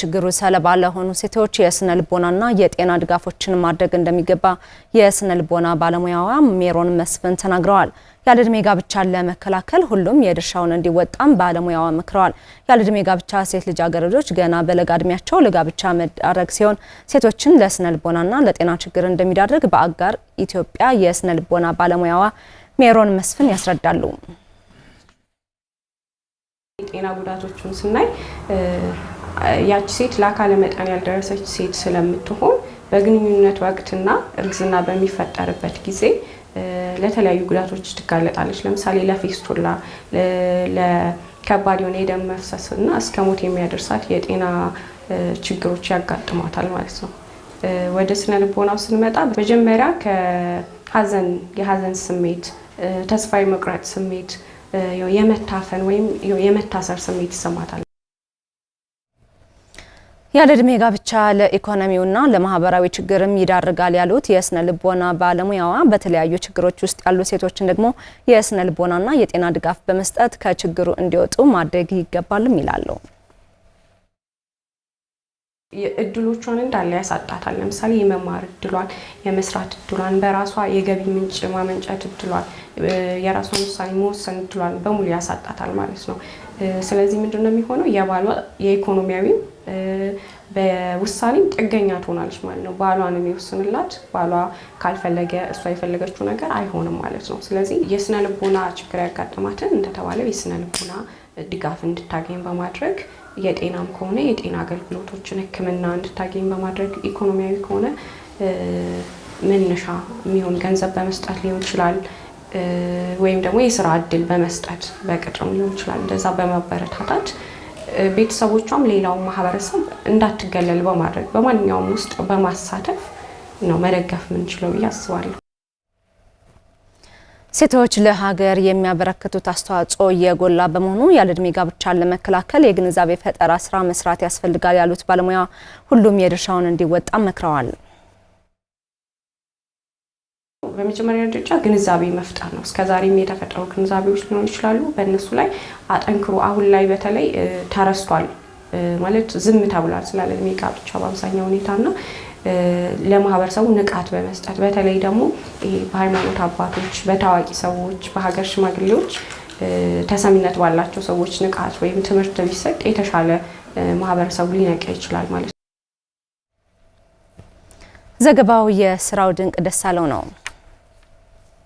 ችግሩ ሰለባ ለሆኑ ሴቶች የስነ ልቦናና የጤና ድጋፎችን ማድረግ እንደሚገባ የስነ ልቦና ባለሙያዋ ሜሮን መስፍን ተናግረዋል። ያለዕድሜ ጋብቻን ለመከላከል ሁሉም የድርሻውን እንዲወጣም ባለሙያዋ መክረዋል። ያለዕድሜ ጋብቻ ሴት ልጃገረዶች ገና በለጋ ዕድሜያቸው ለጋብቻ መዳረግ ሲሆን ሴቶችን ለስነ ልቦናና ለጤና ችግር እንደሚዳርግ በአጋር ኢትዮጵያ የስነ ልቦና ባለሙያዋ ሜሮን መስፍን ያስረዳሉ። የጤና ጉዳቶቹን ስናይ ያቺ ሴት ለአካለ መጠን ያልደረሰች ሴት ስለምትሆን በግንኙነት ወቅትና እርግዝና በሚፈጠርበት ጊዜ ለተለያዩ ጉዳቶች ትጋለጣለች። ለምሳሌ ለፌስቱላ፣ ለከባድ የሆነ የደም መፍሰስ እና እስከ ሞት የሚያደርሳት የጤና ችግሮች ያጋጥሟታል ማለት ነው። ወደ ስነ ልቦናው ስንመጣ መጀመሪያ ከሀዘን የሀዘን ስሜት፣ ተስፋ የመቁረጥ ስሜት፣ የመታፈን ወይም የመታሰር ስሜት ይሰማታል። ያለ ዕድሜ ጋብቻ ለኢኮኖሚውና ለማህበራዊ ችግርም ይዳርጋል ያሉት የስነ ልቦና ባለሙያዋ በተለያዩ ችግሮች ውስጥ ያሉ ሴቶችን ደግሞ የስነ ልቦናና የጤና ድጋፍ በመስጠት ከችግሩ እንዲወጡ ማድረግ ይገባልም ይላሉ። እድሎቿን እንዳለ ያሳጣታል። ለምሳሌ የመማር እድሏን፣ የመስራት እድሏን፣ በራሷ የገቢ ምንጭ ማመንጨት እድሏን፣ የራሷን ውሳኔ መወሰን እድሏን በሙሉ ያሳጣታል ማለት ነው። ስለዚህ ምንድን ነው የሚሆነው የባሏ የኢኮኖሚያዊም በውሳኔም ጥገኛ ትሆናለች ማለት ነው። ባሏን የሚወስንላት ባሏ ካልፈለገ እሷ የፈለገችው ነገር አይሆንም ማለት ነው። ስለዚህ የስነ ልቦና ችግር ያጋጠማትን እንደተባለው የስነ ልቦና ድጋፍ እንድታገኝ በማድረግ የጤናም ከሆነ የጤና አገልግሎቶችን ሕክምና እንድታገኝ በማድረግ ኢኮኖሚያዊ ከሆነ መነሻ የሚሆን ገንዘብ በመስጠት ሊሆን ይችላል ወይም ደግሞ የስራ እድል በመስጠት በቅጥርም ሊሆን ይችላል እንደዛ በማበረታታት ቤተሰቦቿም ሌላው ማህበረሰብ እንዳትገለል በማድረግ በማንኛውም ውስጥ በማሳተፍ ነው መደገፍ የምንችለው ብዬ አስባለሁ። ሴቶች ለሀገር የሚያበረክቱት አስተዋጽኦ የጎላ በመሆኑ ያለዕድሜ ጋብቻን ለመከላከል የግንዛቤ ፈጠራ ስራ መስራት ያስፈልጋል ያሉት ባለሙያ ሁሉም የድርሻውን እንዲወጣ መክረዋል። በመጀመሪያ ደረጃ ግንዛቤ መፍጠር ነው። እስከዛሬም የተፈጠሩ ግንዛቤዎች ሊሆኑ ይችላሉ። በእነሱ ላይ አጠንክሮ አሁን ላይ በተለይ ተረስቷል ማለት ዝም ተብሏል ስላለ እድሜ ጋብቻ በአብዛኛው ሁኔታና ለማህበረሰቡ ንቃት በመስጠት በተለይ ደግሞ በሃይማኖት አባቶች፣ በታዋቂ ሰዎች፣ በሀገር ሽማግሌዎች ተሰሚነት ባላቸው ሰዎች ንቃት ወይም ትምህርት ቢሰጥ የተሻለ ማህበረሰቡ ሊነቃ ይችላል ማለት ነው። ዘገባው የስራው ድንቅ ደሳለው ነው።